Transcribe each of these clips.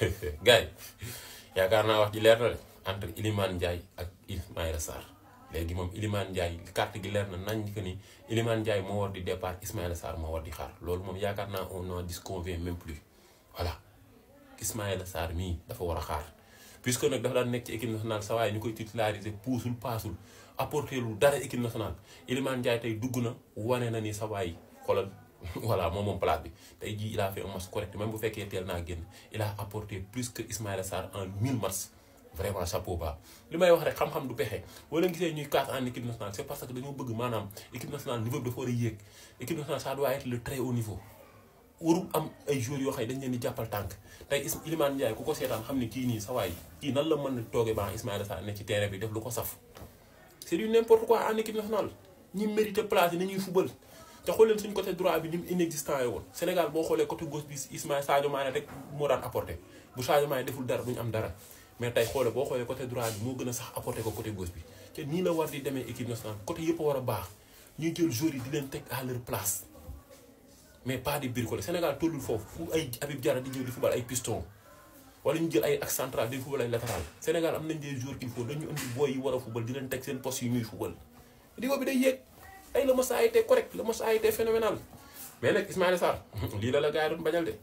gars yaakaar naa wax ji leer na de entre Iliman Ndiaye ak Ismaïla Sarr léegi moom Iliman Ndiaye kart gi leer na nañ que ni Iliman Ndiaye moo war di départ Ismaïla Sarr moo war di xaar loolu moom yaakaar naa on n'en disconvient même plus voilà Ismaïla Sarr mii dafa war a xaar que nag dafa daan nekk ci équipe nationale sa ñu koy titulariser puusul paasul apporter lu dara équipe nationale Iliman Ndiaye tey dugg na wane na ni sa waay xoolal voilà moi mon place bi il a fait un match correct même bu fekkee teel naa génn il a apporté plus que Ismaïla Sarr en 1000 matchs vraiment chapeau bas le may wax rek xam-xam du pexe wala gisee ñuy casse en équipe nationale c'est parce que nous bëgg maanaam équipe nationale niveau de dafa war équipe nationale ça doit être le très haut niveau warul am ay joueurs yo xam ne dañ leen di jàppal tànk tey Ndiaye ku ko sétane xamni ki ni nii sa waay nan la a ba Ismaïla Sarr ne ci terrain bi def lu ko saf c'est du n'importe quoi en équipe nationale ñi mérite place ni ñuy football. te xool leen suñ côté droit bi ni inexistant yi woon Sénégal bo xolé côté gauche bi ismaïl Sadio Mané rek mo daan apporter bu Sadio Mané deful dara bu am dara mais tay xolé bo xolé côté droit bi mo gëna sax apporter ko côté gauche bi te ni la war di démé équipe nationale côté yëpp wara baax ñu jël jour yi di leen tek à leur place mais pas di bir ko Sénégal tollul fofu fu ay Habib jara di ñëw di football ay piston wala ñu jël ay axe central di football ay latéral Sénégal am nañ des joueurs qu'il faut dañu andi boy yi wara football di leen tek seen poste yi ñuy fubal niveau bi day yéeg ay le mossa a été correct le mossa a été phénoménal mais nak Ismaïla sar li la la gars doon bañal de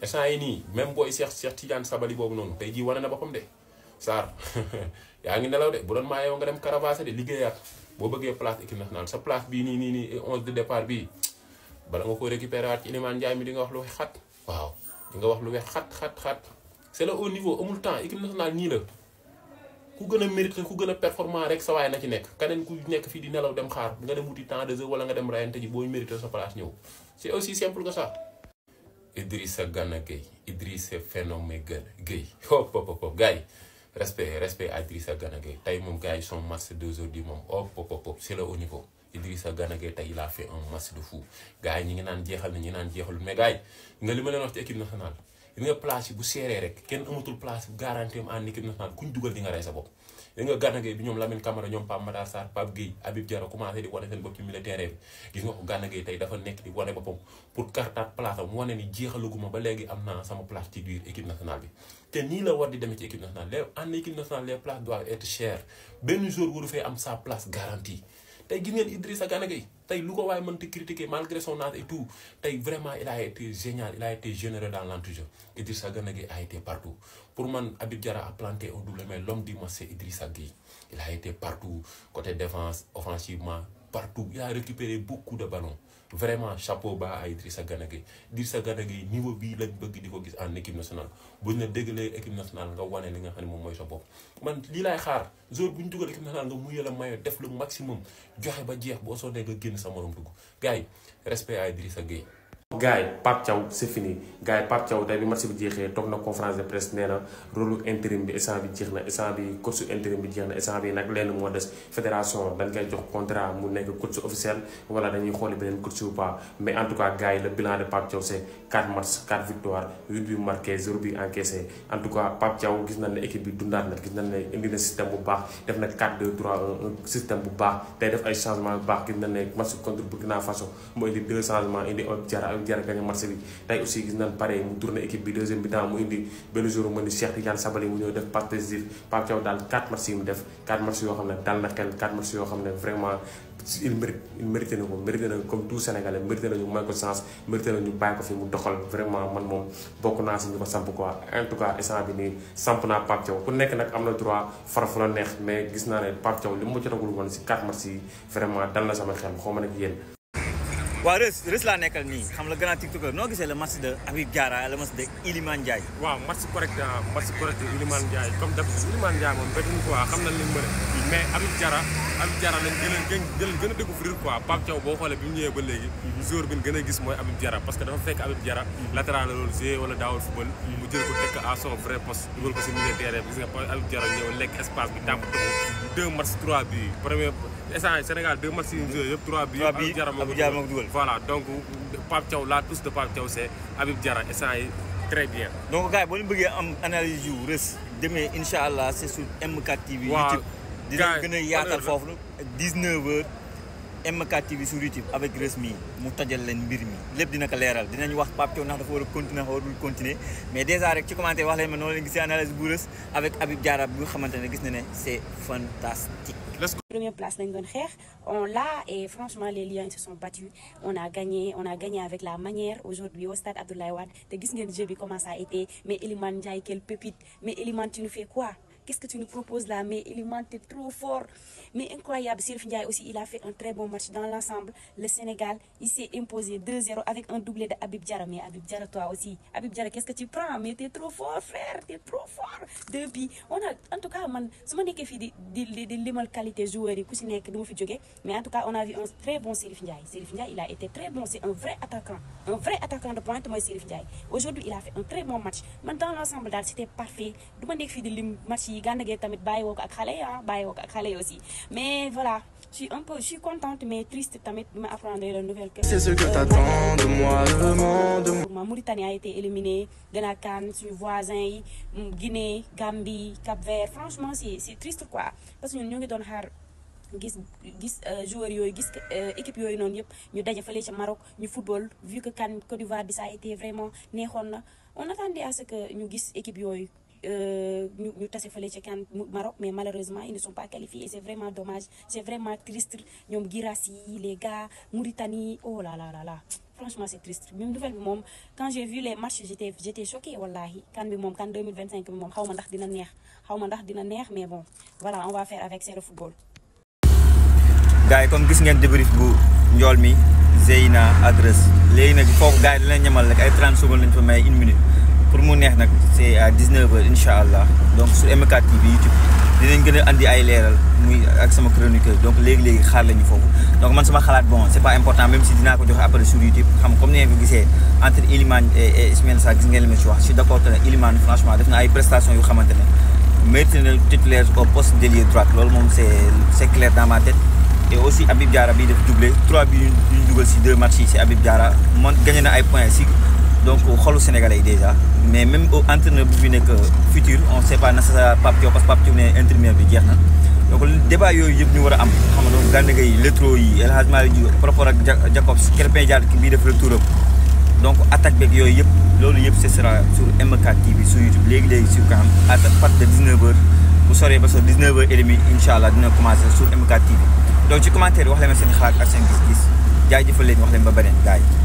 instant yi ni même boy Cheikh Cheikh Tidiane Sabali bobu non tay jii wone na boppam de sar ya ngi nelaw de bu doon maa nga dem caravasé de liggéeyaat bo bëggee place équipe nationale sa place bi ni ni ni 11 de départ bi bala nga ko récupérer waat ci Iliman Ndiaye mi di nga wax lu xat waaw di nga wax lu wex xat xat xat c'est le haut niveau amul temps équipe nationale ni la ku gën a mérité ku gën a performant rek sa waay na ci nekk keneen ku nekk fii di nelaw dem xaar nga dem wuti temps de jeu wala nga dem rayante ji boo mérité sa place ñëw c'est aussi simple que ça. Idrissa Gana Gueye Idrissa Phénomène Gueye hop hop hop gars yi respect respect à Idrissa Gana Gueye tey moom gars yi son match deux heures di moom hop hop hop c'est le haut niveau Idrissa Gana Gueye tey il a fait un match de fou gars ñu ngi naan jeexal na ñu ngi naan jeexalul mais gars yi nga li wax ci équipe nationale. li nga place yi bu seeree rek kenn amatul place bu garanti am en équipe nationale kuñ dugal di rey sa bopp li nga Gana bi ñoom Lamine Camara ñoom Pape Matar Sarr Pape Gueye Habib Diarra commencé ko Gana tey dafa nekk di wane boppam pour kartaat place am wane ni jeexaluguma ba léegi am naa sama place ci biir équipe nationale bi te nii la war di demee ci équipe nationale les en équipe nationale les places doivent être chères benn tey gis ngeen Idrissa Gana Gueye tey lu ko waaye mënti critiquer malgré son âge et tout tey vraiment il a été génial il a été généreux dans l'entrejeu Idrissa Gana Gueye a été partout pour man Habib Diarra a planté un double mais l'homme du match c'est Idrissa Gueye il a été partout côté défense offensivement partout. Il a récupéré beaucoup de ballons. Vraiment, chapeau bas à Idrissa Ganagé. Idrissa Ganagé, niveau bi lañ bëgg di ko gis en équipe nationale. bu la déglee équipe nationale nga wane li nga xam ne moom mooy sa bopp. Man lii laay xaar jour bu ñu dugal équipe nationale nga muyal a mayo def le maximum joxe ba jeex boo sonnee nga génn sa morom dugg. gars yi respect à sa Gueye. gars yi Pape Thiaw c'est fini gars yi Pape Thiaw bi match bi jeexee toog na conférence de presse nee na rôle intérim bi instant bi jeex na instant bi coach intérim bi jeex na instant bi nag lenn moo des fédération dañ jox contrat mu nekk coach officiel wala dañuy xooli beneen coach ou mais en tout cas le bilan de Pape Thiaw c'est 4 matchs 4 victoires 8 buts marqués 0 but encaissé en tout cas Pape Thiaw gis nañ ne équipe bi dundaat na gis nañ ne indi na système bu baax na 4 2 3 1 système bu baax day def ay baax gis nañ ne match contre Burkina Faso mu Malick Diarra gagné match bi tey aussi gis nañ pare mu tourné équipe bi deuxième mi-temps mu indi benn jour mu ni Cheikh Tidiane Sabaly mu ñëw def passe décisive Pape Thiaw daal 4 matchs yi mu def 4 matchs yoo xam ne dal na xel 4 matchs yoo xam ne vraiment il mérite na ko mérité na comme may ko fi mu doxal vraiment man moom bokk naa si ñu ko samp quoi en tout cas instant nii samp naa Pape Thiaw ku nekk nag am na droit far fu la neex mais gis naa ne Pape Thiaw li mu jotagul woon si na waa Reus Reus laa nekkal nii xam la grand tiktoker noo gisee le match de Habib Diarra le match de Iliman Ndiaye. waaw match correct ah match correct Iliman Ndiaye comme d'habitude Iliman Ndiaye moom bettuñ xam na li mu mën mais Habib Diarra Habib Diarra lañ gën gën gën a découvrir quoi Pape Thiaw boo xoolee bi mu ñëwee ba léegi. Mhm. joueur bi ñu gën a gis mooy Habib Diarra parce que dafa fekk Habib Diarra. Mhm. latéral la loolu joué wala daawul football. Mhm. mu jël ko tekk à son vrai poste dugal ko si milieu terrain bi deux matchs trois bi premier échange Sénégal deux matchs yu ñu yëpp trois bi Habib Diarra moo ko dugal voilà donc Pape Thiaw la touche de Pape Thiaw c'est Habib Diarra échange très bien. donc gars yi boo am analyse yu rës demee incha allah c'est sur M4 TV. waaw gars yi MK TV sur YouTube avec Resmi mu Len Birmi. mbir mi lépp dina ko leeral dinañ wax Pape on dafa a continuer mais déjà rek ci commentaire wax leen ma noonu leen gisee avec Habib Diarra bi nga xamante ne c'est fantastique. première place on l'a et franchement les liens se sont battus on a gagné on a gagné avec la manière aujourd'hui au stade Abdoulaye Wade te gis ngeen jeu comment ça a été mais Eliman Ndiaye quel pépite mais Eliman, tu nous fais quoi. Qu'est-ce que tu nous proposes là Mais il mentait trop fort. Mais incroyable, Sirif Ndiaye aussi, il a fait un très bon match dans l'ensemble. Le Sénégal, il s'est imposé 2-0 avec un doublé de Habib Mais Habib Diarra, toi aussi. Habib Diarra, qu'est-ce que tu prends Mais t'es trop fort, frère. T'es trop fort. Depuis, on a, en tout cas, man, si on fait des qualité joueur, mais en tout cas, on a vu un très bon Sirif Ndiaye. Sirif Ndiaye, il a été très bon. C'est un vrai attaquant. Un vrai attaquant de pointe, moi, Sirif Ndiaye. Aujourd'hui, il a fait un très bon match. Dans l'ensemble, c'était parfait. Demain, a fait des match Gana Gueye tamit bàyyi ko ak xale ah bàyyi ko ak xale aussi mais voilà je suis un peu je suis contente mais triste tamit bi ma apprendre une nouvelle c'est ce que t'attends de moi demande-moi. Mauritanie a été éliminée Ghana CAN suñu voisins yi mm, Guinée Gambie Cap-Vert franchement c'est c'est triste quoi parce que ñun ñoo ngi doon xaar. gis gis euh, joueur yoy gis euh, équipe yoy non yep ñu dajé fële ci Maroc ñu football vu que CAN Côte d'Ivoire bi ça a été vraiment néxon na on attendait à ce que ñu gis équipe yoy avons fait les Tchèques au Maroc mais malheureusement ils ne sont pas qualifiés c'est vraiment dommage c'est vraiment triste Girassi les gars Mauritanie oh là là là là franchement c'est triste quand j'ai vu les matchs j'étais choquée wallahi 2025 je me mais bon voilà on va faire avec c'est le football. gars comme débrief adresse 30 une minute pour mu neex nag c'est à 19h incha allah donc sur m TV YouTube dinañ gën a andi ay leeral muy ak sama chroniqueur donc léegi-léegi xaar lañu foofu donc man sama xalaat bon c'est pas important même si dinaa ko joxe après sur YouTube xam comme ni ngeen ko gisee entre Ilimane et Ismaël Sa gis ngeen li ma ci wax je suis d'accord que Ilimane franchement def na ay prestations yu xamante ne mérite na titulaire au poste d'ailier droite loolu moom c'est c'est clair dans ma tête et aussi Habib Diarra bi def doublé 3 bi yu ñu dugal si deux matchs yi si Habib Diarra moom gagné na ay points si donc le Sénégalais déjà mais même entraîneur le euh, futur on sait pas nécessairement parce que débat est nous avons am donc yi El a donc attaque ce sera sur MK TV sur YouTube les gars sur à partir de 19h vous serez ba 19h30 Inch'Allah, commencer sur MK TV donc ci commentaire wax leen ma seen xalaat